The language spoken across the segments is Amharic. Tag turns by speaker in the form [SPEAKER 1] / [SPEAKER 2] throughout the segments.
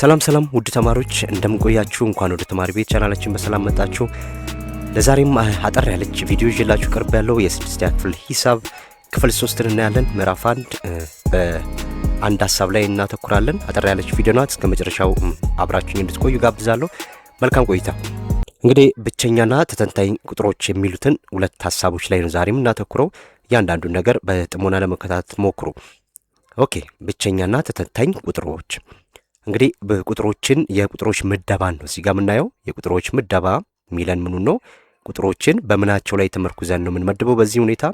[SPEAKER 1] ሰላም ሰላም ውድ ተማሪዎች እንደምንቆያችሁ፣ እንኳን ወደ ተማሪ ቤት ቻናላችን በሰላም መጣችሁ። ለዛሬም አጠር ያለች ቪዲዮ ይዤላችሁ ቀርብ ያለው የስድስተኛ ክፍል ሂሳብ ክፍል ሶስትን እናያለን። ምዕራፍ አንድ በአንድ ሀሳብ ላይ እናተኩራለን። አጠር ያለች ቪዲዮ ናት። እስከ መጨረሻው አብራችሁኝ እንድትቆዩ ጋብዛለሁ። መልካም ቆይታ። እንግዲህ ብቸኛና ተተንታኝ ቁጥሮች የሚሉትን ሁለት ሀሳቦች ላይ ነው ዛሬም እናተኩረው። እያንዳንዱን ነገር በጥሞና ለመከታተል ሞክሩ። ኦኬ ብቸኛና ተተንታኝ ቁጥሮች እንግዲህ በቁጥሮችን የቁጥሮች ምደባን ነው እዚህ ጋር የምናየው። የቁጥሮች ምደባ የሚለን ምኑ ነው? ቁጥሮችን በምናቸው ላይ ተመርኩዘን ነው የምንመድበው። በዚህ ሁኔታ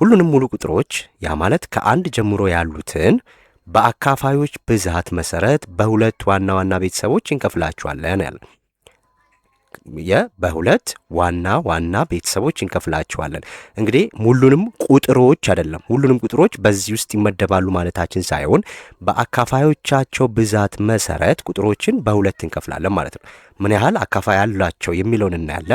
[SPEAKER 1] ሁሉንም ሙሉ ቁጥሮች ያ ማለት ከአንድ ጀምሮ ያሉትን በአካፋዮች ብዛት መሰረት በሁለት ዋና ዋና ቤተሰቦች እንከፍላቸዋለን ያለ በሁለት ዋና ዋና ቤተሰቦች እንከፍላቸዋለን። እንግዲህ ሁሉንም ቁጥሮች አይደለም ሁሉንም ቁጥሮች በዚህ ውስጥ ይመደባሉ ማለታችን ሳይሆን በአካፋዮቻቸው ብዛት መሰረት ቁጥሮችን በሁለት እንከፍላለን ማለት ነው። ምን ያህል አካፋይ አላቸው የሚለውን እናያለ።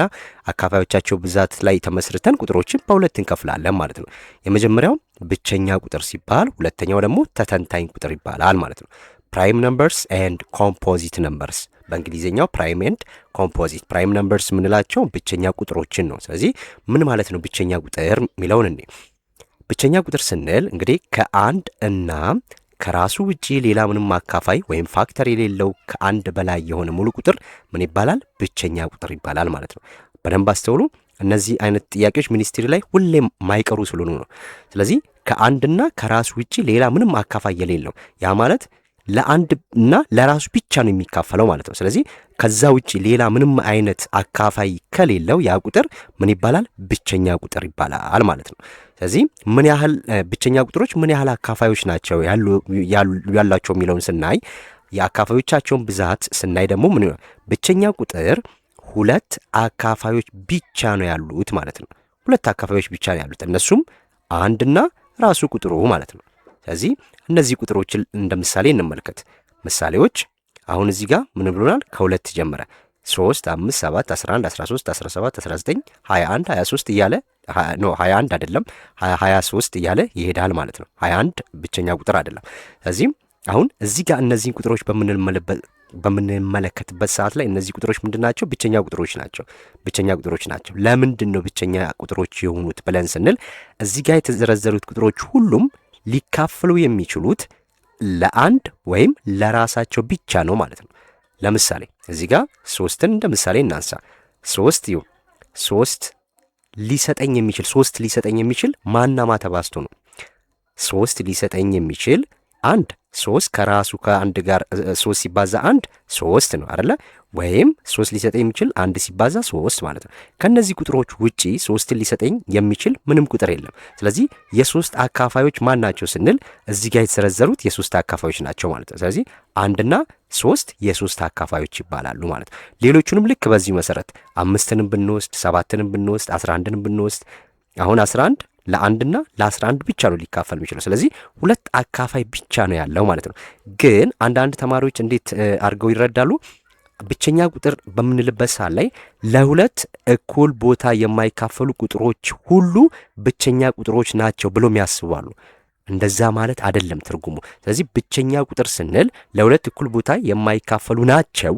[SPEAKER 1] አካፋዮቻቸው ብዛት ላይ ተመስርተን ቁጥሮችን በሁለት እንከፍላለን ማለት ነው። የመጀመሪያው ብቸኛ ቁጥር ሲባል፣ ሁለተኛው ደግሞ ተተንታኝ ቁጥር ይባላል ማለት ነው። ፕራይም ነምበርስ ኤንድ ኮምፖዚት ነምበርስ በእንግሊዝኛው ፕራይም ኤንድ ኮምፖዚት ፕራይም ነምበርስ የምንላቸው ብቸኛ ቁጥሮችን ነው። ስለዚህ ምን ማለት ነው ብቸኛ ቁጥር የሚለውን እኔ ብቸኛ ቁጥር ስንል እንግዲህ ከአንድ እና ከራሱ ውጪ ሌላ ምንም አካፋይ ወይም ፋክተር የሌለው ከአንድ በላይ የሆነ ሙሉ ቁጥር ምን ይባላል? ብቸኛ ቁጥር ይባላል ማለት ነው። በደንብ አስተውሉ። እነዚህ አይነት ጥያቄዎች ሚኒስትሪ ላይ ሁሌም ማይቀሩ ስለሆኑ ነው። ስለዚህ ከአንድና ከራሱ ውጪ ሌላ ምንም አካፋይ የሌለው ያ ማለት ለአንድ እና ለራሱ ብቻ ነው የሚካፈለው ማለት ነው። ስለዚህ ከዛ ውጭ ሌላ ምንም አይነት አካፋይ ከሌለው ያ ቁጥር ምን ይባላል? ብቸኛ ቁጥር ይባላል ማለት ነው። ስለዚህ ምን ያህል ብቸኛ ቁጥሮች ምን ያህል አካፋዮች ናቸው ያላቸው የሚለውን ስናይ የአካፋዮቻቸውን ብዛት ስናይ ደግሞ ምን ብቸኛ ቁጥር ሁለት አካፋዮች ብቻ ነው ያሉት ማለት ነው። ሁለት አካፋዮች ብቻ ነው ያሉት እነሱም አንድና ራሱ ቁጥሩ ማለት ነው። ስለዚህ እነዚህ ቁጥሮችን እንደ ምሳሌ እንመልከት። ምሳሌዎች አሁን እዚህ ጋር ምን ብሎናል? ከሁለት ጀመረ 3 5 7 11 13 17 19 21 23 እያለ ኖ 21 አይደለም 23 እያለ ይሄዳል ማለት ነው። 21 ብቸኛ ቁጥር አይደለም። ስለዚህም አሁን እዚህ ጋር እነዚህን ቁጥሮች በምንመለከትበት ሰዓት ላይ እነዚህ ቁጥሮች ምንድን ናቸው? ብቸኛ ቁጥሮች ናቸው። ብቸኛ ቁጥሮች ናቸው። ለምንድን ነው ብቸኛ ቁጥሮች የሆኑት ብለን ስንል እዚህ ጋር የተዘረዘሩት ቁጥሮች ሁሉም ሊካፈሉ የሚችሉት ለአንድ ወይም ለራሳቸው ብቻ ነው ማለት ነው። ለምሳሌ እዚህ ጋር ሶስትን እንደ ምሳሌ እናንሳ። ሶስት ይሁ ሶስት ሊሰጠኝ የሚችል ሶስት ሊሰጠኝ የሚችል ማናማ ተባዝቶ ነው። ሶስት ሊሰጠኝ የሚችል አንድ ሶስት ከራሱ ከአንድ ጋር ሶስት ሲባዛ አንድ ሶስት ነው አይደለ? ወይም ሶስት ሊሰጠኝ የሚችል አንድ ሲባዛ ሶስት ማለት ነው። ከእነዚህ ቁጥሮች ውጪ ሶስትን ሊሰጠኝ የሚችል ምንም ቁጥር የለም። ስለዚህ የሶስት አካፋዮች ማን ናቸው ስንል እዚህ ጋር የተዘረዘሩት የሶስት አካፋዮች ናቸው ማለት ነው። ስለዚህ አንድና ሶስት የሶስት አካፋዮች ይባላሉ ማለት ነው። ሌሎቹንም ልክ በዚሁ መሰረት አምስትንም ብንወስድ ሰባትንም ብንወስድ አስራ አንድንም ብንወስድ አሁን አስራ አንድ ለአንድና ለአስራ አንድ ብቻ ነው ሊካፈል የሚችለው። ስለዚህ ሁለት አካፋይ ብቻ ነው ያለው ማለት ነው። ግን አንዳንድ ተማሪዎች እንዴት አድርገው ይረዳሉ? ብቸኛ ቁጥር በምንልበት ሰዓት ላይ ለሁለት እኩል ቦታ የማይካፈሉ ቁጥሮች ሁሉ ብቸኛ ቁጥሮች ናቸው ብሎም ያስባሉ። እንደዛ ማለት አይደለም ትርጉሙ። ስለዚህ ብቸኛ ቁጥር ስንል ለሁለት እኩል ቦታ የማይካፈሉ ናቸው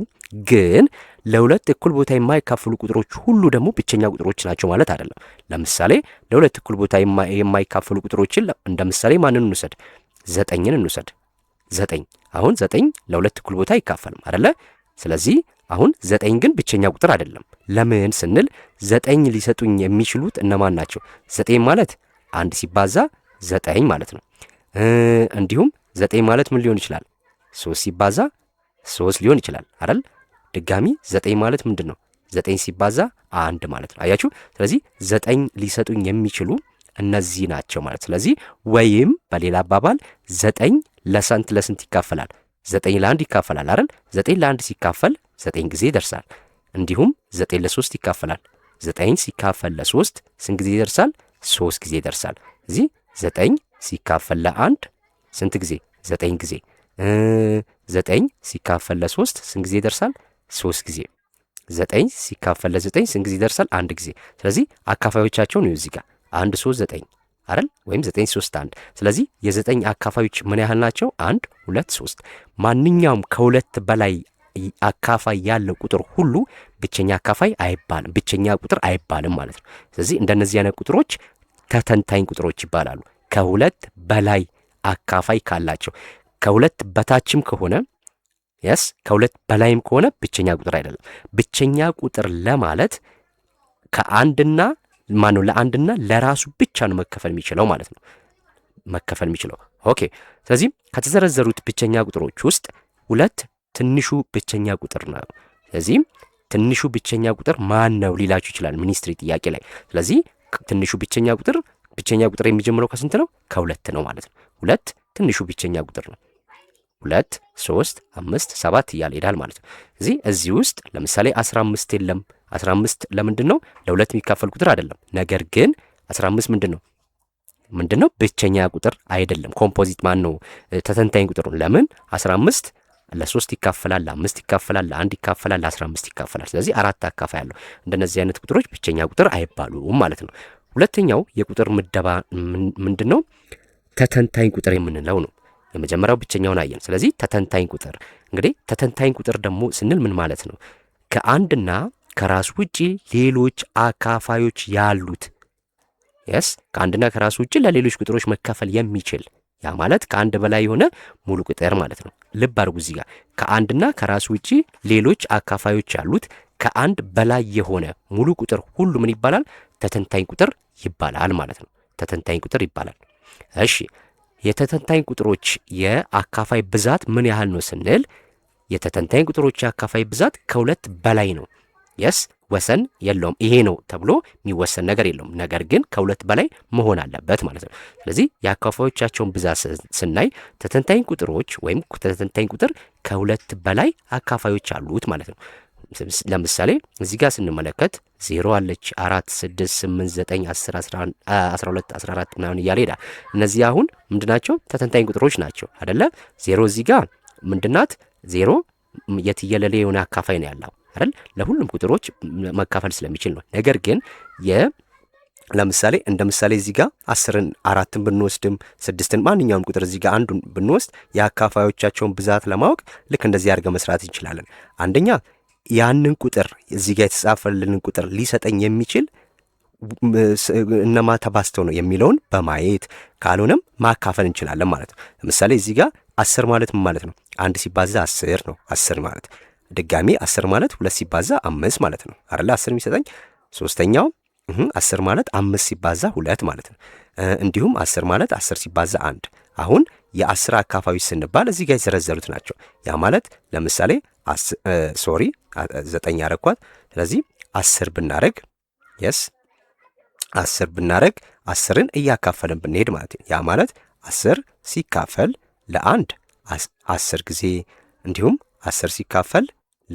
[SPEAKER 1] ግን ለሁለት እኩል ቦታ የማይካፈሉ ቁጥሮች ሁሉ ደግሞ ብቸኛ ቁጥሮች ናቸው ማለት አይደለም። ለምሳሌ ለሁለት እኩል ቦታ የማይካፈሉ ቁጥሮችን እንደ ምሳሌ ማንን እንውሰድ? ዘጠኝን እንውሰድ። ዘጠኝ አሁን ዘጠኝ ለሁለት እኩል ቦታ አይካፈልም አይደለ? ስለዚህ አሁን ዘጠኝ ግን ብቸኛ ቁጥር አይደለም። ለምን ስንል ዘጠኝ ሊሰጡኝ የሚችሉት እነማን ናቸው? ዘጠኝ ማለት አንድ ሲባዛ ዘጠኝ ማለት ነው። እንዲሁም ዘጠኝ ማለት ምን ሊሆን ይችላል? ሶስት ሲባዛ ሶስት ሊሆን ይችላል አይደል? ድጋሚ ዘጠኝ ማለት ምንድን ነው? ዘጠኝ ሲባዛ አንድ ማለት ነው። አያችሁ። ስለዚህ ዘጠኝ ሊሰጡኝ የሚችሉ እነዚህ ናቸው ማለት። ስለዚህ ወይም በሌላ አባባል ዘጠኝ ለስንት ለስንት ይካፈላል? ዘጠኝ ለአንድ ይካፈላል አይደል? ዘጠኝ ለአንድ ሲካፈል ዘጠኝ ጊዜ ይደርሳል። እንዲሁም ዘጠኝ ለሶስት ይካፈላል። ዘጠኝ ሲካፈል ለሶስት ስንት ጊዜ ይደርሳል? ሶስት ጊዜ ይደርሳል። እዚህ ዘጠኝ ሲካፈል ለአንድ ስንት ጊዜ? ዘጠኝ ጊዜ። ዘጠኝ ሲካፈል ለሶስት ስንት ጊዜ ይደርሳል? ሶስት ጊዜ ዘጠኝ ሲካፈል ለዘጠኝ ስንት ጊዜ ይደርሳል? አንድ ጊዜ። ስለዚህ አካፋዮቻቸውን ነው እዚህ ጋር አንድ ሶስት ዘጠኝ አይደል? ወይም ዘጠኝ ሶስት አንድ። ስለዚህ የዘጠኝ አካፋዮች ምን ያህል ናቸው? አንድ ሁለት ሶስት። ማንኛውም ከሁለት በላይ አካፋይ ያለው ቁጥር ሁሉ ብቸኛ አካፋይ አይባልም፣ ብቸኛ ቁጥር አይባልም ማለት ነው። ስለዚህ እንደነዚህ አይነት ቁጥሮች ተተንታኝ ቁጥሮች ይባላሉ። ከሁለት በላይ አካፋይ ካላቸው ከሁለት በታችም ከሆነ የስ ከሁለት በላይም ከሆነ ብቸኛ ቁጥር አይደለም። ብቸኛ ቁጥር ለማለት ከአንድና ማነው ለአንድና ለራሱ ብቻ ነው መከፈል የሚችለው ማለት ነው መከፈል የሚችለው ኦኬ። ስለዚህ ከተዘረዘሩት ብቸኛ ቁጥሮች ውስጥ ሁለት ትንሹ ብቸኛ ቁጥር ነው። ስለዚህ ትንሹ ብቸኛ ቁጥር ማን ነው ሊላችሁ ይችላል ሚኒስትሪ ጥያቄ ላይ። ስለዚህ ትንሹ ብቸኛ ቁጥር ብቸኛ ቁጥር የሚጀምረው ከስንት ነው? ከሁለት ነው ማለት ነው። ሁለት ትንሹ ብቸኛ ቁጥር ነው። ሁለት ሶስት አምስት ሰባት እያለ ይሄዳል ማለት ነው። እዚህ እዚህ ውስጥ ለምሳሌ አምስት የለም። አስራ አምስት ለምንድን ነው ለሁለት የሚካፈል ቁጥር አይደለም። ነገር ግን አምስት ምንድን ነው ምንድን ነው ብቸኛ ቁጥር አይደለም። ኮምፖዚት ማን ነው ተተንታኝ ቁጥር ነው። ለምን አምስት ለሶስት ይካፈላል፣ ለአምስት ይካፈላል፣ ለአንድ ይካፈላል፣ ለአስራ አምስት ይካፈላል። ስለዚህ አራት አካፋይ ያለው እንደነዚህ አይነት ቁጥሮች ብቸኛ ቁጥር አይባሉም ማለት ነው። ሁለተኛው የቁጥር ምደባ ምንድን ነው ተተንታኝ ቁጥር የምንለው ነው። የመጀመሪያው ብቸኛውን አየን። ስለዚህ ተተንታኝ ቁጥር እንግዲህ ተተንታኝ ቁጥር ደግሞ ስንል ምን ማለት ነው? ከአንድና ከራሱ ውጪ ሌሎች አካፋዮች ያሉት የስ ከአንድና ከራሱ ውጪ ለሌሎች ቁጥሮች መከፈል የሚችል ያ ማለት ከአንድ በላይ የሆነ ሙሉ ቁጥር ማለት ነው። ልብ አድርጉ እዚህ ጋር ከአንድና ከራሱ ውጪ ሌሎች አካፋዮች ያሉት ከአንድ በላይ የሆነ ሙሉ ቁጥር ሁሉ ምን ይባላል? ተተንታኝ ቁጥር ይባላል ማለት ነው። ተተንታኝ ቁጥር ይባላል። እሺ የተተንታኝ ቁጥሮች የአካፋይ ብዛት ምን ያህል ነው ስንል የተተንታኝ ቁጥሮች የአካፋይ ብዛት ከሁለት በላይ ነው። የስ ወሰን የለውም። ይሄ ነው ተብሎ የሚወሰን ነገር የለውም። ነገር ግን ከሁለት በላይ መሆን አለበት ማለት ነው። ስለዚህ የአካፋዮቻቸውን ብዛት ስናይ ተተንታኝ ቁጥሮች ወይም ተተንታኝ ቁጥር ከሁለት በላይ አካፋዮች አሉት ማለት ነው። ለምሳሌ እዚህ ጋር ስንመለከት ዜሮ አለች አራት ስድስት ስምንት ዘጠኝ አስር አስራ ሁለት አስራ አራት ምናምን እያለ ሄዳ እነዚህ አሁን ምንድናቸው ተተንታኝ ቁጥሮች ናቸው አደለ ዜሮ እዚህ ጋር ምንድናት ዜሮ የትየለሌ የሆነ አካፋይ ነው ያለው አይደል ለሁሉም ቁጥሮች መካፈል ስለሚችል ነው ነገር ግን የ ለምሳሌ እንደ ምሳሌ እዚህ ጋር አስርን አራትን ብንወስድም ስድስትን ማንኛውም ቁጥር እዚህ ጋር አንዱን ብንወስድ የአካፋዮቻቸውን ብዛት ለማወቅ ልክ እንደዚህ አድርገ መስራት እንችላለን አንደኛ ያንን ቁጥር እዚህ ጋር የተጻፈልንን ቁጥር ሊሰጠኝ የሚችል እነማ ተባዝተው ነው የሚለውን በማየት ካልሆነም ማካፈል እንችላለን ማለት ነው። ለምሳሌ እዚህ ጋር አስር ማለት ማለት ነው? አንድ ሲባዛ አስር ነው። አስር ማለት ድጋሜ አስር ማለት ሁለት ሲባዛ አምስት ማለት ነው አይደለ? አስር የሚሰጠኝ ሶስተኛው አስር ማለት አምስት ሲባዛ ሁለት ማለት ነው። እንዲሁም አስር ማለት አስር ሲባዛ አንድ አሁን የአስር አካፋዊ ስንባል እዚህ ጋር የዘረዘሩት ናቸው። ያ ማለት ለምሳሌ ሶሪ ዘጠኝ አረኳት። ስለዚህ አስር ብናረግ የስ አስር ብናረግ አስርን እያካፈልን ብንሄድ ማለት ያ ማለት አስር ሲካፈል ለአንድ አስር ጊዜ እንዲሁም አስር ሲካፈል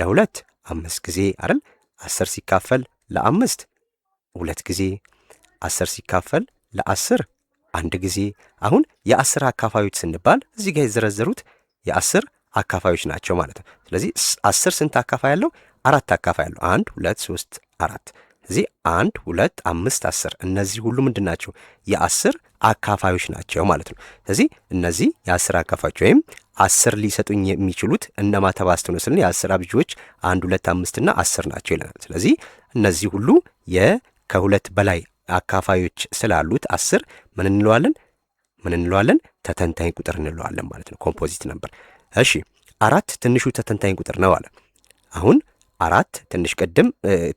[SPEAKER 1] ለሁለት አምስት ጊዜ አይደል? አስር ሲካፈል ለአምስት ሁለት ጊዜ፣ አስር ሲካፈል ለአስር አንድ ጊዜ። አሁን የአስር አካፋዮች ስንባል እዚህ ጋር የዘረዘሩት የአስር አካፋዮች ናቸው ማለት ነው። ስለዚህ አስር ስንት አካፋ ያለው? አራት አካፋ ያለው። አንድ ሁለት ሶስት አራት። እዚህ አንድ ሁለት አምስት አስር። እነዚህ ሁሉ ምንድን ናቸው? የአስር አካፋዮች ናቸው ማለት ነው። ስለዚህ እነዚህ የአስር አካፋዮች ወይም አስር ሊሰጡኝ የሚችሉት እነማ ተባዝተው ነው ስንል የአስር አብጆች አንድ ሁለት አምስትና አስር ናቸው ይለናል። ስለዚህ እነዚህ ሁሉ ከሁለት በላይ አካፋዮች ስላሉት አስር ምን እንለዋለን? ምን እንለዋለን? ተተንታኝ ቁጥር እንለዋለን ማለት ነው። ኮምፖዚት ነበር። እሺ አራት ትንሹ ተተንታኝ ቁጥር ነው አለ። አሁን አራት ትንሽ ቀደም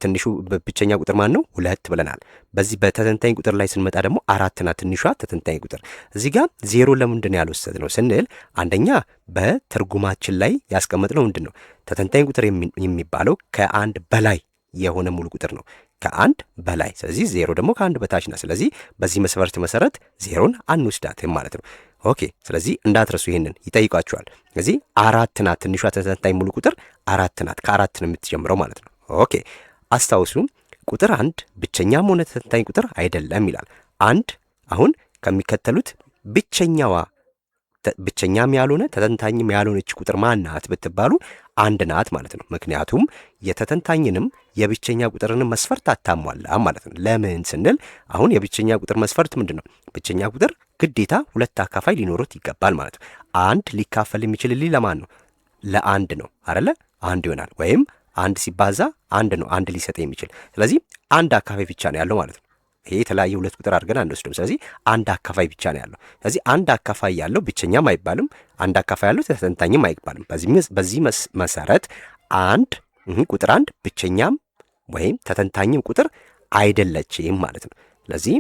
[SPEAKER 1] ትንሹ ብቸኛ ቁጥር ማን ነው? ሁለት ብለናል። በዚህ በተተንታኝ ቁጥር ላይ ስንመጣ ደግሞ አራት ናት ትንሿ ተተንታኝ ቁጥር። እዚህ ጋር ዜሮ ለምንድን ነው ስንል አንደኛ በትርጉማችን ላይ ያስቀመጥነው ምንድን ነው ተተንታኝ ቁጥር የሚባለው ከአንድ በላይ የሆነ ሙሉ ቁጥር ነው ከአንድ በላይ ስለዚህ ዜሮ ደግሞ ከአንድ በታች ናት። ስለዚህ በዚህ መስፈርት መሰረት ዜሮን አንወስዳትም ማለት ነው። ኦኬ። ስለዚህ እንዳትረሱ ይሄንን ይጠይቃችኋል። ስለዚህ አራት ናት ትንሿ ተተንታኝ ሙሉ ቁጥር አራት ናት። ከአራት ነው የምትጀምረው ማለት ነው። ኦኬ አስታውሱ፣ ቁጥር አንድ ብቸኛም ሆነ ተተንታኝ ቁጥር አይደለም ይላል። አንድ አሁን ከሚከተሉት ብቸኛዋ ብቸኛም ያልሆነ ተተንታኝም ያልሆነች ቁጥር ማን ናት ብትባሉ አንድ ናት ማለት ነው። ምክንያቱም የተተንታኝንም የብቸኛ ቁጥርንም መስፈርት አታሟላ ማለት ነው። ለምን ስንል አሁን የብቸኛ ቁጥር መስፈርት ምንድን ነው? ብቸኛ ቁጥር ግዴታ ሁለት አካፋይ ሊኖሩት ይገባል ማለት ነው። አንድ ሊካፈል የሚችልልኝ ለማን ነው? ለአንድ ነው አደለ? አንድ ይሆናል ወይም አንድ ሲባዛ አንድ ነው አንድ ሊሰጠ የሚችል ስለዚህ አንድ አካፋይ ብቻ ነው ያለው ማለት ነው። ይሄ የተለያየ ሁለት ቁጥር አድርገን አንወስድም። ስለዚህ አንድ አካፋይ ብቻ ነው ያለው። ስለዚህ አንድ አካፋይ ያለው ብቸኛም አይባልም፣ አንድ አካፋይ ያለው ተተንታኝም አይባልም። በዚህ መሰረት አንድ ቁጥር አንድ ብቸኛም ወይም ተተንታኝም ቁጥር አይደለችም ማለት ነው። ስለዚህ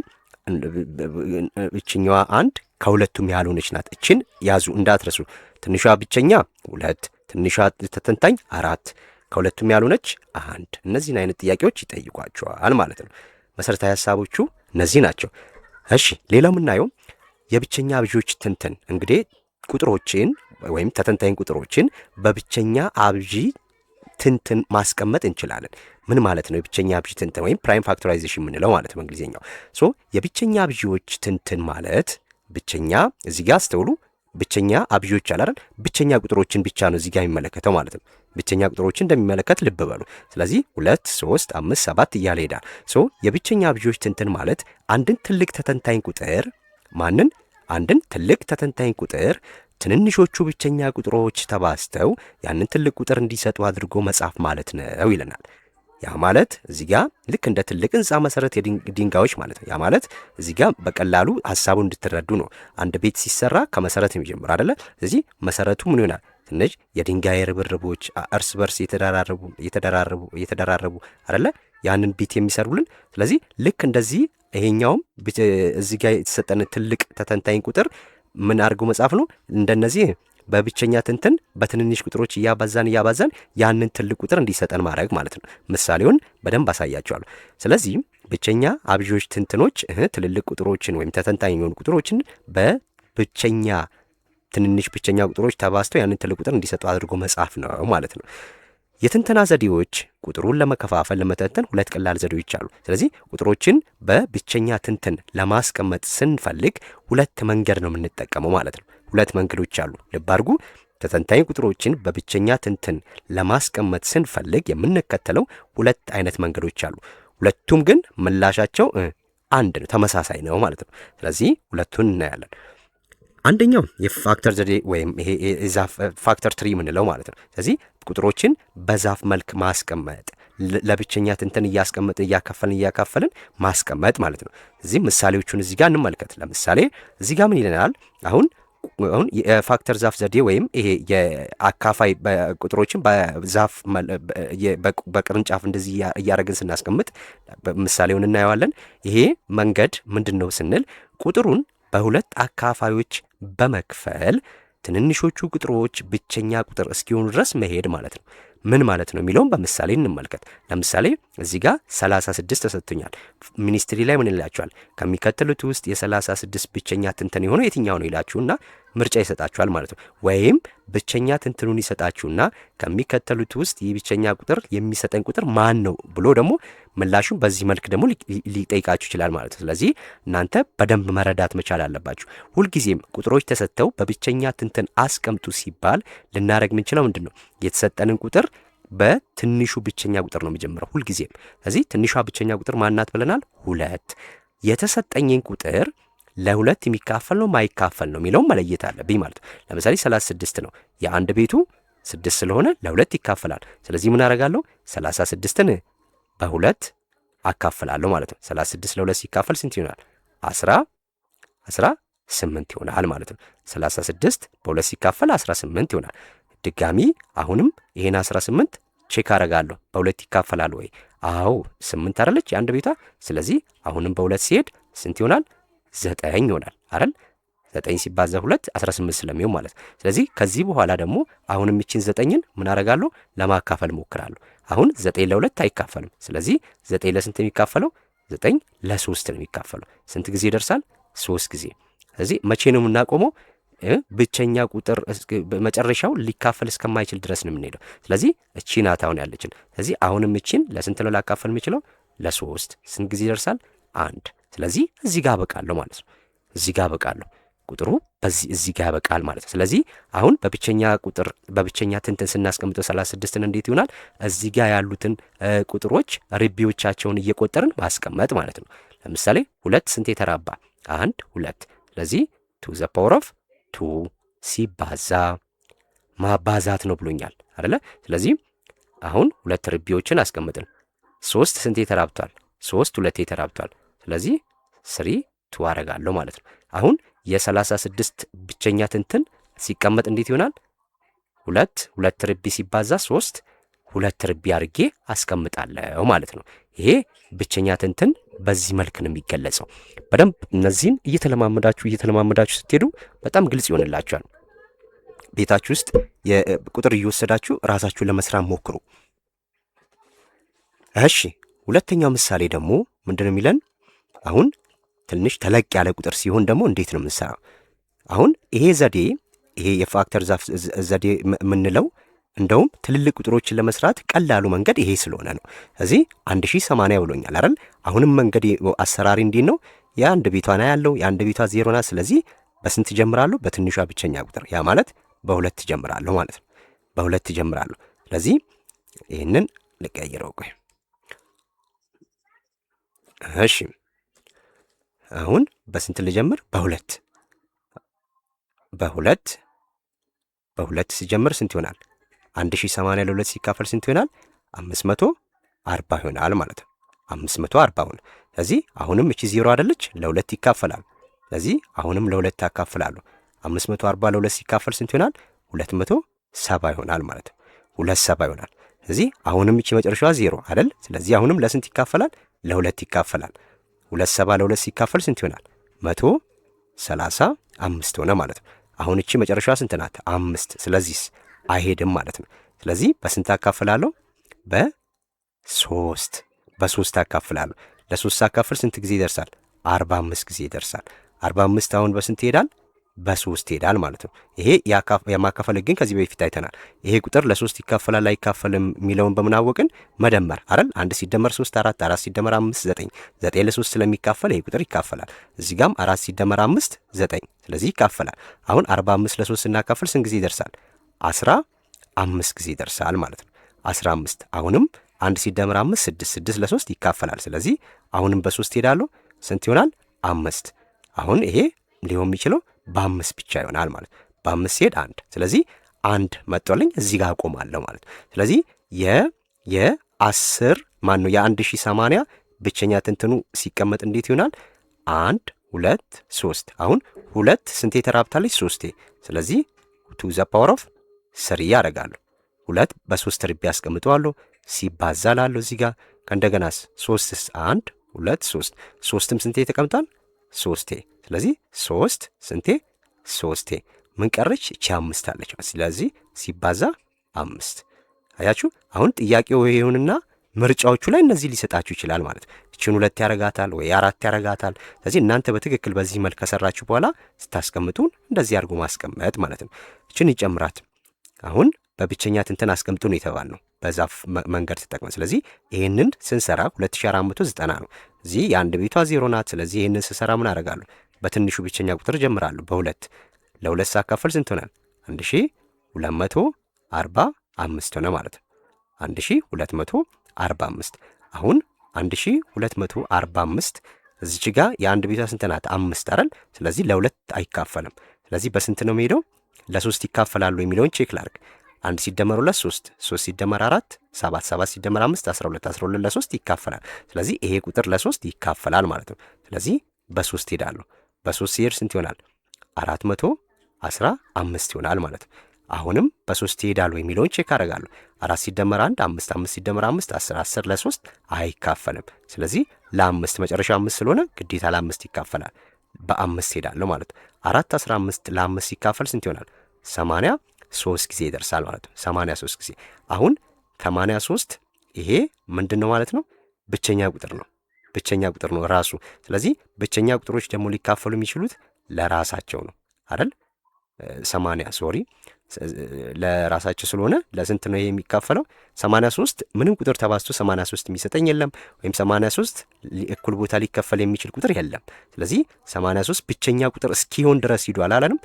[SPEAKER 1] እችኛዋ አንድ ከሁለቱም ያልሆነች ናት። እችን ያዙ እንዳትረሱ። ትንሿ ብቸኛ ሁለት፣ ትንሿ ተተንታኝ አራት፣ ከሁለቱም ያልሆነች አንድ። እነዚህን አይነት ጥያቄዎች ይጠይቋቸዋል ማለት ነው። መሰረታዊ ሀሳቦቹ እነዚህ ናቸው። እሺ ሌላው የምናየው የብቸኛ አብዦች ትንትን እንግዲህ ቁጥሮችን ወይም ተተንታኝ ቁጥሮችን በብቸኛ አብዢ ትንትን ማስቀመጥ እንችላለን። ምን ማለት ነው? የብቸኛ ብዥ ትንትን ወይም ፕራይም ፋክቶራይዜሽን የምንለው ማለት ነው በእንግሊዝኛው። ሶ የብቸኛ አብዥዎች ትንትን ማለት ብቸኛ እዚህ ጋር አስተውሉ። ብቸኛ አብዥዎች አላረን ብቸኛ ቁጥሮችን ብቻ ነው እዚህ ጋር የሚመለከተው ማለት ነው። ብቸኛ ቁጥሮችን እንደሚመለከት ልብ በሉ። ስለዚህ ሁለት፣ ሶስት፣ አምስት፣ ሰባት እያለ ሄዳል። ሶ የብቸኛ አብዥዎች ትንትን ማለት አንድን ትልቅ ተተንታኝ ቁጥር ማንን አንድን ትልቅ ተተንታኝ ቁጥር ትንንሾቹ ብቸኛ ቁጥሮች ተባዝተው ያንን ትልቅ ቁጥር እንዲሰጡ አድርጎ መጻፍ ማለት ነው ይለናል። ያ ማለት እዚህ ጋ ልክ እንደ ትልቅ ህንፃ መሰረት ድንጋዮች ማለት ነው። ያ ማለት እዚህ ጋ በቀላሉ ሀሳቡ እንድትረዱ ነው። አንድ ቤት ሲሰራ ከመሰረት የሚጀምር አደለ? ስለዚህ መሰረቱ ምን ይሆናል? ትንሽ የድንጋይ ርብርቦች እርስ በርስ የተደራረቡ የተደራረቡ ያንን ቤት የሚሰሩልን። ስለዚህ ልክ እንደዚህ ይሄኛውም እዚህ ጋ የተሰጠን ትልቅ ተተንታኝ ቁጥር ምን አድርጎ መጽሐፍ ነው እንደነዚህ በብቸኛ ትንትን በትንንሽ ቁጥሮች እያባዛን እያባዛን ያንን ትልቅ ቁጥር እንዲሰጠን ማድረግ ማለት ነው። ምሳሌውን በደንብ አሳያቸዋለሁ። ስለዚህ ብቸኛ አብዦች ትንትኖች ትልልቅ ቁጥሮችን ወይም ተተንታኝ የሚሆኑ ቁጥሮችን በብቸኛ ትንንሽ ብቸኛ ቁጥሮች ተባዝተው ያንን ትልቅ ቁጥር እንዲሰጡ አድርጎ መጽሐፍ ነው ማለት ነው። የትንተና ዘዴዎች ቁጥሩን ለመከፋፈል ለመተንተን ሁለት ቀላል ዘዴዎች አሉ። ስለዚህ ቁጥሮችን በብቸኛ ትንትን ለማስቀመጥ ስንፈልግ ሁለት መንገድ ነው የምንጠቀመው ማለት ነው። ሁለት መንገዶች አሉ። ልብ አድርጉ። ተተንታኝ ቁጥሮችን በብቸኛ ትንትን ለማስቀመጥ ስንፈልግ የምንከተለው ሁለት አይነት መንገዶች አሉ። ሁለቱም ግን ምላሻቸው አንድ ነው፣ ተመሳሳይ ነው ማለት ነው። ስለዚህ ሁለቱን እናያለን። አንደኛው የፋክተር ዘዴ ወይም ይሄ የዛፍ ፋክተር ትሪ የምንለው ማለት ነው። ስለዚህ ቁጥሮችን በዛፍ መልክ ማስቀመጥ ለብቸኛ ትንትን እያስቀመጥን እያካፈልን እያካፈልን ማስቀመጥ ማለት ነው። እዚህ ምሳሌዎቹን እዚህ ጋር እንመልከት። ለምሳሌ እዚህ ጋር ምን ይለናል? አሁን አሁን የፋክተር ዛፍ ዘዴ ወይም ይሄ የአካፋይ ቁጥሮችን በዛፍ በቅርንጫፍ እንደዚህ እያደረግን ስናስቀምጥ ምሳሌውን እናየዋለን። ይሄ መንገድ ምንድን ነው ስንል ቁጥሩን በሁለት አካፋዮች በመክፈል ትንንሾቹ ቁጥሮች ብቸኛ ቁጥር እስኪሆኑ ድረስ መሄድ ማለት ነው። ምን ማለት ነው የሚለውን በምሳሌ እንመልከት። ለምሳሌ እዚህ ጋር 36 ተሰጥቶኛል። ሚኒስትሪ ላይ ምን ይላችኋል? ከሚከተሉት ውስጥ የ36 ብቸኛ ትንተን የሆነው የትኛው ነው ይላችሁና ምርጫ ይሰጣችኋል ማለት ነው። ወይም ብቸኛ ትንትኑን ይሰጣችሁና ከሚከተሉት ውስጥ ብቸኛ ቁጥር የሚሰጠኝ ቁጥር ማን ነው ብሎ ደግሞ ምላሹን በዚህ መልክ ደግሞ ሊጠይቃችሁ ይችላል ማለት ነው። ስለዚህ እናንተ በደንብ መረዳት መቻል አለባችሁ። ሁልጊዜም ቁጥሮች ተሰጥተው በብቸኛ ትንትን አስቀምጡ ሲባል ልናደረግ የምንችለው ምንድን ነው? የተሰጠንን ቁጥር በትንሹ ብቸኛ ቁጥር ነው የሚጀምረው ሁልጊዜም። ስለዚህ ትንሿ ብቸኛ ቁጥር ማናት ብለናል? ሁለት የተሰጠኝን ቁጥር ለሁለት የሚካፈል ነው ማይካፈል ነው የሚለውን መለየት አለብኝ ማለት ነው። ለምሳሌ 36 ነው የአንድ ቤቱ ስድስት ስለሆነ ለሁለት ይካፈላል። ስለዚህ ምን አደርጋለሁ? 36ን በሁለት አካፍላለሁ ማለት ነው። 36 ለሁለት ሲካፈል ስንት ይሆናል? 10 18 8 ይሆናል ማለት ነው። 36 በሁለት ሲካፈል 18 ይሆናል። ድጋሚ አሁንም ይሄን 18 ቼክ አደርጋለሁ። በሁለት ይካፈላል ወይ? አዎ ስምንት አይደለች የአንድ ቤቷ። ስለዚህ አሁንም በሁለት ሲሄድ ስንት ይሆናል? ዘጠኝ ይሆናል አይደል? ዘጠኝ ሲባዛ ሁለት አስራ ስምንት ስለሚሆን ማለት ነው። ስለዚህ ከዚህ በኋላ ደግሞ አሁን የምችን ዘጠኝን ምን አረጋለሁ ለማካፈል ሞክራለሁ። አሁን ዘጠኝ ለሁለት አይካፈልም። ስለዚህ ዘጠኝ ለስንት የሚካፈለው? ዘጠኝ ለሶስት ነው የሚካፈለው። ስንት ጊዜ ይደርሳል? ሶስት ጊዜ። ስለዚህ መቼ ነው የምናቆመው? ብቸኛ ቁጥር መጨረሻው ሊካፈል እስከማይችል ድረስ ነው የምንሄደው። ስለዚህ እቺ ናት አሁን ያለችን። ስለዚህ አሁንም የምችን ለስንት ነው ላካፈል የምችለው? ለሶስት። ስንት ጊዜ ይደርሳል? አንድ ስለዚህ እዚህ ጋር አበቃለሁ ማለት ነው። እዚህ ጋር አበቃለሁ ቁጥሩ በዚህ እዚህ ጋር ያበቃል ማለት ነው። ስለዚህ አሁን በብቸኛ ቁጥር በብቸኛ ትንትን ስናስቀምጠው ሰላሳ ስድስትን እንዴት ይሆናል? እዚህ ጋር ያሉትን ቁጥሮች ርቢዎቻቸውን እየቆጠርን ማስቀመጥ ማለት ነው። ለምሳሌ ሁለት ስንት የተራባ አንድ ሁለት። ስለዚህ ቱ ዘ ፓወር ኦፍ ቱ ሲባዛ ማባዛት ነው ብሎኛል አደለ? ስለዚህ አሁን ሁለት ርቢዎችን አስቀምጥን። ሶስት ስንት የተራብቷል? ሶስት ሁለት የተራብቷል። ስለዚህ ስሪ ቱ አረጋለሁ ማለት ነው። አሁን የሰላሳ ስድስት ብቸኛ ትንትን ሲቀመጥ እንዴት ይሆናል? ሁለት ሁለት ርቢ ሲባዛ ሶስት ሁለት ርቢ አድርጌ አስቀምጣለሁ ማለት ነው። ይሄ ብቸኛ ትንትን በዚህ መልክ ነው የሚገለጸው። በደንብ እነዚህን እየተለማመዳችሁ እየተለማመዳችሁ ስትሄዱ በጣም ግልጽ ይሆንላችኋል። ቤታችሁ ውስጥ ቁጥር እየወሰዳችሁ ራሳችሁ ለመስራት ሞክሩ። እሺ ሁለተኛው ምሳሌ ደግሞ ምንድን ነው የሚለን? አሁን ትንሽ ተለቅ ያለ ቁጥር ሲሆን ደግሞ እንዴት ነው የምንሰራው? አሁን ይሄ ዘዴ ይሄ የፋክተር ዛፍ ዘዴ የምንለው እንደውም ትልልቅ ቁጥሮችን ለመስራት ቀላሉ መንገድ ይሄ ስለሆነ ነው። እዚህ 1080 ብሎኛል አይደል? አሁንም መንገድ አሰራሪ እንዲህ ነው? የአንድ ቤቷ ና ያለው የአንድ ቤቷ ዜሮ ና። ስለዚህ በስንት ጀምራለሁ? በትንሿ ብቸኛ ቁጥር ያ ማለት በሁለት ጀምራለሁ ማለት ነው። በሁለት ጀምራለሁ። ስለዚህ ይህንን ልቀይረው። ቆይ እሺ አሁን በስንት ልጀምር? በሁለት በሁለት በሁለት ሲጀምር ስንት ይሆናል? አንድ ሺህ ሰማንያ ለሁለት ሲካፈል ስንት ይሆናል? አምስት መቶ አርባ ይሆናል ማለት ነው። አምስት መቶ አርባውን ስለዚህ አሁንም እቺ ዜሮ አደለች ለሁለት ይካፈላል። ስለዚህ አሁንም ለሁለት ያካፍላሉ። አምስት መቶ አርባ ለሁለት ሲካፈል ስንት ይሆናል? ሁለት መቶ ሰባ ይሆናል ማለት ነው። ሁለት ሰባ ይሆናል። ስለዚህ አሁንም እቺ መጨረሻዋ ዜሮ አደል። ስለዚህ አሁንም ለስንት ይካፈላል? ለሁለት ይካፈላል። ሁለት ሰባ ለሁለት ሲካፈል ስንት ይሆናል? መቶ ሰላሳ አምስት ሆነ ማለት ነው። አሁን እቺ መጨረሻዋ ስንት ናት? አምስት። ስለዚህ አይሄድም ማለት ነው። ስለዚህ በስንት አካፍላለሁ? በሶስት በሶስት አካፍላለሁ። ለሶስት አካፍል ስንት ጊዜ ይደርሳል? አርባ አምስት ጊዜ ይደርሳል። አርባ አምስት አሁን በስንት ይሄዳል? በሶስት ይሄዳል ማለት ነው። ይሄ የማካፈል ህግን ከዚህ በፊት አይተናል። ይሄ ቁጥር ለሶስት ይካፈላል አይካፈልም የሚለውን በምናወቅን መደመር አይደል? አንድ ሲደመር ሶስት አራት፣ አራት ሲደመር አምስት ዘጠኝ፣ ዘጠኝ ለሶስት ስለሚካፈል ይሄ ቁጥር ይካፈላል። እዚህ ጋም አራት ሲደመር አምስት ዘጠኝ፣ ስለዚህ ይካፈላል። አሁን አርባ አምስት ለሶስት ስናካፍል ስንት ጊዜ ይደርሳል? አስራ አምስት ጊዜ ይደርሳል ማለት ነው። አስራ አምስት አሁንም አንድ ሲደመር አምስት ስድስት፣ ስድስት ለሶስት ይካፈላል። ስለዚህ አሁንም በሶስት ይሄዳሉ። ስንት ይሆናል? አምስት። አሁን ይሄ ሊሆን የሚችለው በአምስት ብቻ ይሆናል ማለት በአምስት ሲሄድ አንድ ስለዚህ አንድ መጥቶልኝ እዚህ ጋር አቆማለሁ ማለት ስለዚህ የ የአስር ማን ነው የአንድ ሺህ ሰማንያ ብቸኛ ትንትኑ ሲቀመጥ እንዴት ይሆናል? አንድ ሁለት ሶስት። አሁን ሁለት ስንቴ ተራብታለች? ሶስቴ። ስለዚህ ቱ ዘ ፓወር ኦፍ ስሪ ያደርጋለሁ። ሁለት በሶስት ርቢ ያስቀምጠዋለሁ ሲባዛላለሁ እዚህ ጋር ከእንደገናስ ሶስትስ አንድ ሁለት ሶስት ሶስትም ስንቴ ተቀምጧል? ሶስቴ ስለዚህ ሶስት ስንቴ ሶስቴ ምን ቀረች? እቺ አምስት አለች። ስለዚህ ሲባዛ አምስት አያችሁ። አሁን ጥያቄው ይሁንና ምርጫዎቹ ላይ እነዚህ ሊሰጣችሁ ይችላል ማለት እችን ሁለት ያረጋታል ወይ አራት ያረጋታል። ስለዚህ እናንተ በትክክል በዚህ መልክ ከሰራችሁ በኋላ ስታስቀምጡን እንደዚህ አድርጎ ማስቀመጥ ማለት ነው። እችን ይጨምራት አሁን በብቸኛ ትንትን አስቀምጡ ነው ነው በዛፍ መንገድ ተጠቅመን። ስለዚህ ይህንን ስንሰራ 2490 ነው። እዚህ የአንድ ቤቷ ዜሮ ናት። ስለዚህ ይህንን ስንሰራ ምን አደርጋለሁ በትንሹ ብቸኛ ቁጥር ጀምራሉ። በሁለት ለሁለት ሳካፈል ስንት ሆነ? አምስት ሆነ ማለት ነው። አንድ ሁለት መቶ አርባ አምስት አሁን አንድ ሁለት መቶ አርባ አምስት እዚች ጋ የአንድ ቤቷ ስንት ናት? አምስት አይደል? ስለዚህ ለሁለት አይካፈልም። ስለዚህ በስንት ነው የሚሄደው? ለሶስት ይካፈላሉ የሚለውን ቼክ ላርግ። አንድ ሲደመር ሁለት ሶስት፣ ሶስት ሲደመር አራት ሰባት፣ ሰባት ሲደመር አምስት አስራ ሁለት፣ አስራ ሁለት ለሶስት ይካፈላል። ስለዚህ ይሄ ቁጥር ለሶስት ይካፈላል ማለት ነው። ስለዚህ በሶስት ሄዳለሁ። በሶስት ሲሄድ ስንት ይሆናል? አራት መቶ አስራ አምስት ይሆናል ማለት ነው። አሁንም በሶስት ይሄዳሉ የሚለውን ቼክ አደርጋለሁ። አራት ሲደመር አንድ አምስት፣ አምስት ሲደመር አምስት አስር፣ አስር ለሶስት አይካፈልም። ስለዚህ ለአምስት መጨረሻ አምስት ስለሆነ ግዴታ ለአምስት ይካፈላል። በአምስት ይሄዳለሁ ማለት ነው። አራት አስራ አምስት ለአምስት ሲካፈል ስንት ይሆናል? ሰማንያ ሶስት ጊዜ ይደርሳል ማለት ነው። ሰማንያ ሶስት ጊዜ አሁን ሰማንያ ሶስት ይሄ ምንድን ነው ማለት ነው? ብቸኛ ቁጥር ነው። ብቸኛ ቁጥር ነው ራሱ። ስለዚህ ብቸኛ ቁጥሮች ደግሞ ሊካፈሉ የሚችሉት ለራሳቸው ነው አይደል? ሰማንያ ሶሪ ለራሳቸው ስለሆነ ለስንት ነው ይሄ የሚካፈለው? ሰማንያ ሶስት ምንም ቁጥር ተባዝቶ ሰማንያ ሶስት የሚሰጠኝ የለም፣ ወይም ሰማንያ ሶስት እኩል ቦታ ሊከፈል የሚችል ቁጥር የለም። ስለዚህ ሰማንያ ሶስት ብቸኛ ቁጥር እስኪሆን ድረስ ሂዱ አላለንም?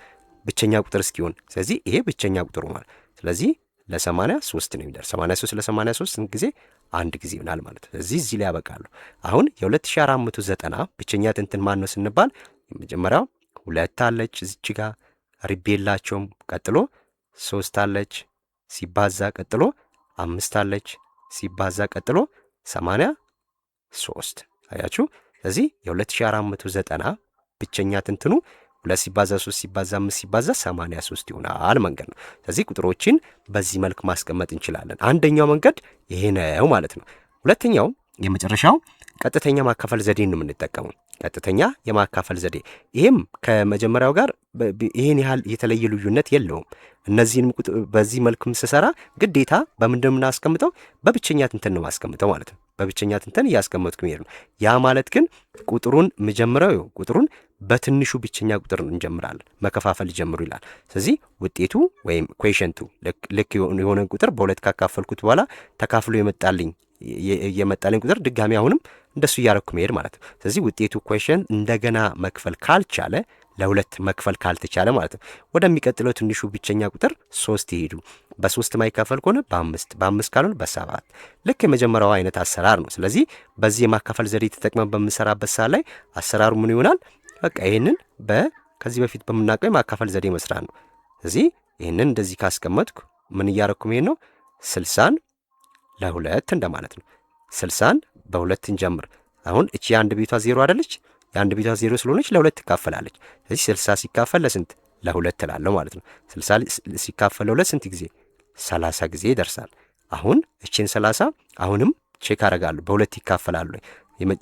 [SPEAKER 1] ብቸኛ ቁጥር እስኪሆን። ስለዚህ ይሄ ብቸኛ ቁጥር ሆኗል። ስለዚህ ለ83 ነው የሚደርስ 83 ለ83 ጊዜ አንድ ጊዜ ይሆናል ማለት ነው። እዚህ እዚህ ላይ ያበቃሉ። አሁን የ2490 ብቸኛ ትንትን ማን ነው ስንባል የመጀመሪያው ሁለት አለች እዚች ጋር ሪቤላቸውም ቀጥሎ ሶስት አለች ሲባዛ ቀጥሎ አምስት አለች ሲባዛ ቀጥሎ 83 አያችሁ። እዚህ የ2490 ብቸኛ ትንትኑ ሁለት ሲባዛ ሶስት ሲባዛ አምስት ሲባዛ ሰማንያ ሶስት ይሆናል መንገድ ነው። ስለዚህ ቁጥሮችን በዚህ መልክ ማስቀመጥ እንችላለን። አንደኛው መንገድ ይሄ ነው ማለት ነው። ሁለተኛው የመጨረሻው ቀጥተኛ ማካፈል ዘዴን ነው የምንጠቀሙ ቀጥተኛ የማካፈል ዘዴ ይህም ከመጀመሪያው ጋር ይህን ያህል የተለየ ልዩነት የለውም። እነዚህን በዚህ መልክም ስሰራ ግዴታ በምንድን ነው የምናስቀምጠው? በብቸኛ ትንትን ነው ማስቀምጠው ማለት ነው። በብቸኛ ትንትን እያስቀመጥኩ ሄድ ነው። ያ ማለት ግን ቁጥሩን ምጀምረው ቁጥሩን በትንሹ ብቸኛ ቁጥር እንጀምራለን መከፋፈል ጀምሩ ይላል። ስለዚህ ውጤቱ ወይም ኩዌሽንቱ ልክ የሆነ ቁጥር በሁለት ካካፈልኩት በኋላ ተካፍሎ የመጣልኝ የመጣልኝ ቁጥር ድጋሚ አሁንም እንደሱ እያረኩ መሄድ ማለት ነው። ስለዚህ ውጤቱ ኩዌሽን እንደገና መክፈል ካልቻለ ለሁለት መክፈል ካልተቻለ ማለት ነው ወደሚቀጥለው ትንሹ ብቸኛ ቁጥር ሶስት ይሄዱ። በሶስት ማይካፈል ከሆነ በአምስት በአምስት ካልሆነ በሰባት ልክ የመጀመሪያው አይነት አሰራር ነው። ስለዚህ በዚህ የማካፈል ዘዴ ተጠቅመን በምንሰራበት ሰዓት ላይ አሰራሩ ምን ይሆናል? በቃ ይህንን በ ከዚህ በፊት በምናውቀው የማካፈል ዘዴ መስራት ነው። እዚህ ይህንን እንደዚህ ካስቀመጥኩ ምን እያረኩ መሄድ ነው? ስልሳን ለሁለት እንደማለት ነው። ስልሳን በሁለት እንጀምር። አሁን እቺ የአንድ ቤቷ ዜሮ አደለች? የአንድ ቤቷ ዜሮ ስለሆነች ለሁለት ትካፈላለች። ስለዚህ ስልሳ ሲካፈል ለስንት? ለሁለት ትላለሁ ማለት ነው። ስልሳ ሲካፈል ለሁለት ስንት ጊዜ? ሰላሳ ጊዜ ይደርሳል። አሁን እቺን ሰላሳ አሁንም ቼክ አረጋለሁ በሁለት ይካፈላሉ።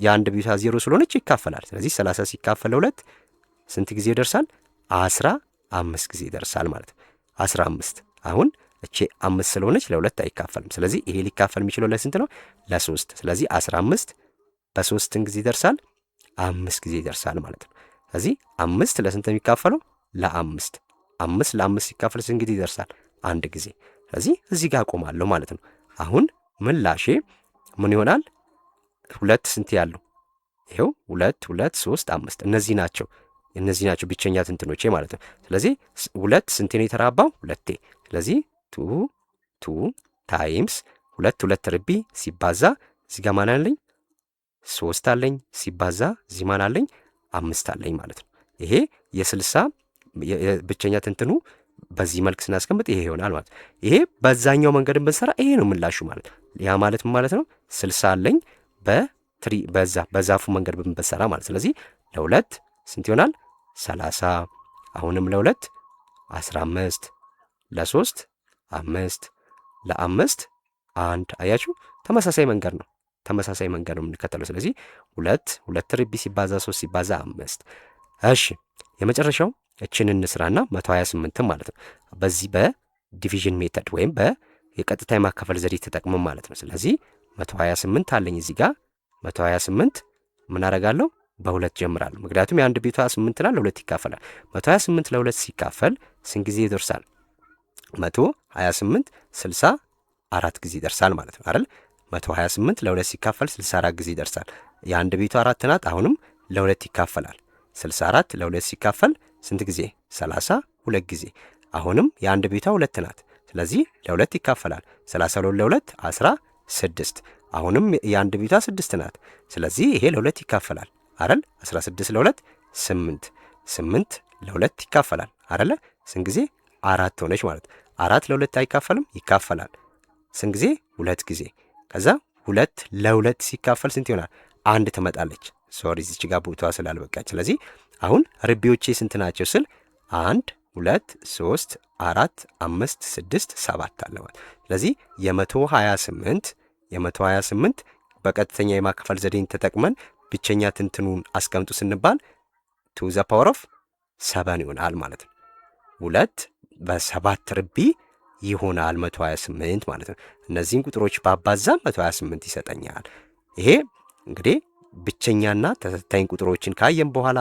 [SPEAKER 1] የአንድ ቢሳ ዜሮ ስለሆነች ይካፈላል። ስለዚህ 30 ሲካፈል ለሁለት ስንት ጊዜ ይደርሳል? አስራ አምስት ጊዜ ይደርሳል ማለት አስራ አምስት አሁን እቼ አምስት ስለሆነች ለሁለት አይካፈልም። ስለዚህ ይሄ ሊካፈል የሚችለው ለስንት ነው? ለሶስት። ስለዚህ አስራ አምስት በሶስትን ጊዜ ይደርሳል፣ አምስት ጊዜ ይደርሳል ማለት ነው። ስለዚህ አምስት ለስንት የሚካፈለው? ለአምስት። አምስት ለአምስት ሲካፈል ስንት ጊዜ ይደርሳል? አንድ ጊዜ። ስለዚህ እዚህ ጋር ቆማለሁ ማለት ነው። አሁን ምላሼ ምን ይሆናል? ሁለት ስንት ያሉ ይኸው ሁለት ሁለት ሶስት አምስት እነዚህ ናቸው እነዚህ ናቸው ብቸኛ ትንትኖቼ ማለት ነው። ስለዚህ ሁለት ስንቴ ነው የተራባው? ሁለቴ። ስለዚህ ቱ ቱ ታይምስ ሁለት ሁለት ርቢ ሲባዛ እዚህ ጋ ማን አለኝ? ሶስት አለኝ ሲባዛ እዚህ ማን አለኝ? አምስት አለኝ ማለት ነው። ይሄ የስልሳ ብቸኛ ትንትኑ በዚህ መልክ ስናስቀምጥ ይሄ ይሆናል ማለት ነው። ይሄ በዛኛው መንገድን ብንሰራ ይሄ ነው ምላሹ ማለት ነው። ያ ማለት ምን ማለት ነው? ስልሳ አለኝ በትሪ በዛ በዛፉ መንገድ ብንሰራ ማለት ስለዚህ ለሁለት ስንት ይሆናል? ሰላሳ አሁንም ለሁለት አስራ አምስት ለሶስት አምስት ለአምስት አንድ አያችሁ፣ ተመሳሳይ መንገድ ነው ተመሳሳይ መንገድ ነው የምንከተለው። ስለዚህ ሁለት ሁለት ትሪቢ ሲባዛ ሶስት ሲባዛ አምስት። እሺ የመጨረሻው እችን እንስራና መቶ ሀያ ስምንትም ማለት ነው በዚህ በዲቪዥን ሜተድ ወይም በየቀጥታ የማካፈል ዘዴ ተጠቅመም ማለት ነው። ስለዚህ 128 አለኝ እዚህ ጋር 128 ምን አረጋለሁ በሁለት ጀምራለሁ። ምክንያቱም የአንድ ቤቷ 8 ናል ለሁለት ይካፈላል። 128 ለሁለት ሲካፈል ስንት ጊዜ ይደርሳል? 128 60 አራት ጊዜ ይደርሳል ማለት ነው አይደል? 128 ለሁለት ሲካፈል 64 ጊዜ ይደርሳል። የአንድ ቤቷ አራት ናት። አሁንም ለሁለት ይካፈላል። 64 ለሁለት ሲካፈል ስንት ጊዜ? 30 ሁለት ጊዜ። አሁንም የአንድ ቤቷ ሁለት ናት። ስለዚህ ለሁለት ይካፈላል። 32 ለሁለት 10 ስድስት አሁንም የአንድ ቤቷ ስድስት ናት። ስለዚህ ይሄ ለሁለት ይካፈላል አረል 16 ለሁለት ስምንት ስምንት ለሁለት ይካፈላል አረለ ስን ጊዜ አራት ሆነች ማለት አራት ለሁለት አይካፈልም ይካፈላል ስን ጊዜ ሁለት ጊዜ ከዛ ሁለት ለሁለት ሲካፈል ስንት ይሆናል አንድ ትመጣለች ሶሪ እዚች ጋር ቦታዋ ስላልበቃች ስለዚህ አሁን ርቤዎቼ ስንት ናቸው ስል አንድ ሁለት ሶስት አራት አምስት ስድስት ሰባት አለ ስለዚህ የመቶ ሀያ ስምንት የመቶ ሀያ ስምንት በቀጥተኛ የማካፈል ዘዴን ተጠቅመን ብቸኛ ትንትኑን አስቀምጡ ስንባል ቱ ዘ ፓወር ኦፍ ሰበን ይሆናል ማለት ነው። ሁለት በሰባት ርቢ ይሆናል መቶ 128 ማለት ነው። እነዚህን ቁጥሮች ባባዛም 128 ይሰጠኛል። ይሄ እንግዲህ ብቸኛና ተሰታኝ ቁጥሮችን ካየም በኋላ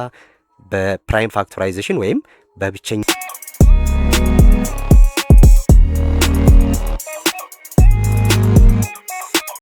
[SPEAKER 1] በፕራይም ፋክቶራይዜሽን ወይም በብቸኛ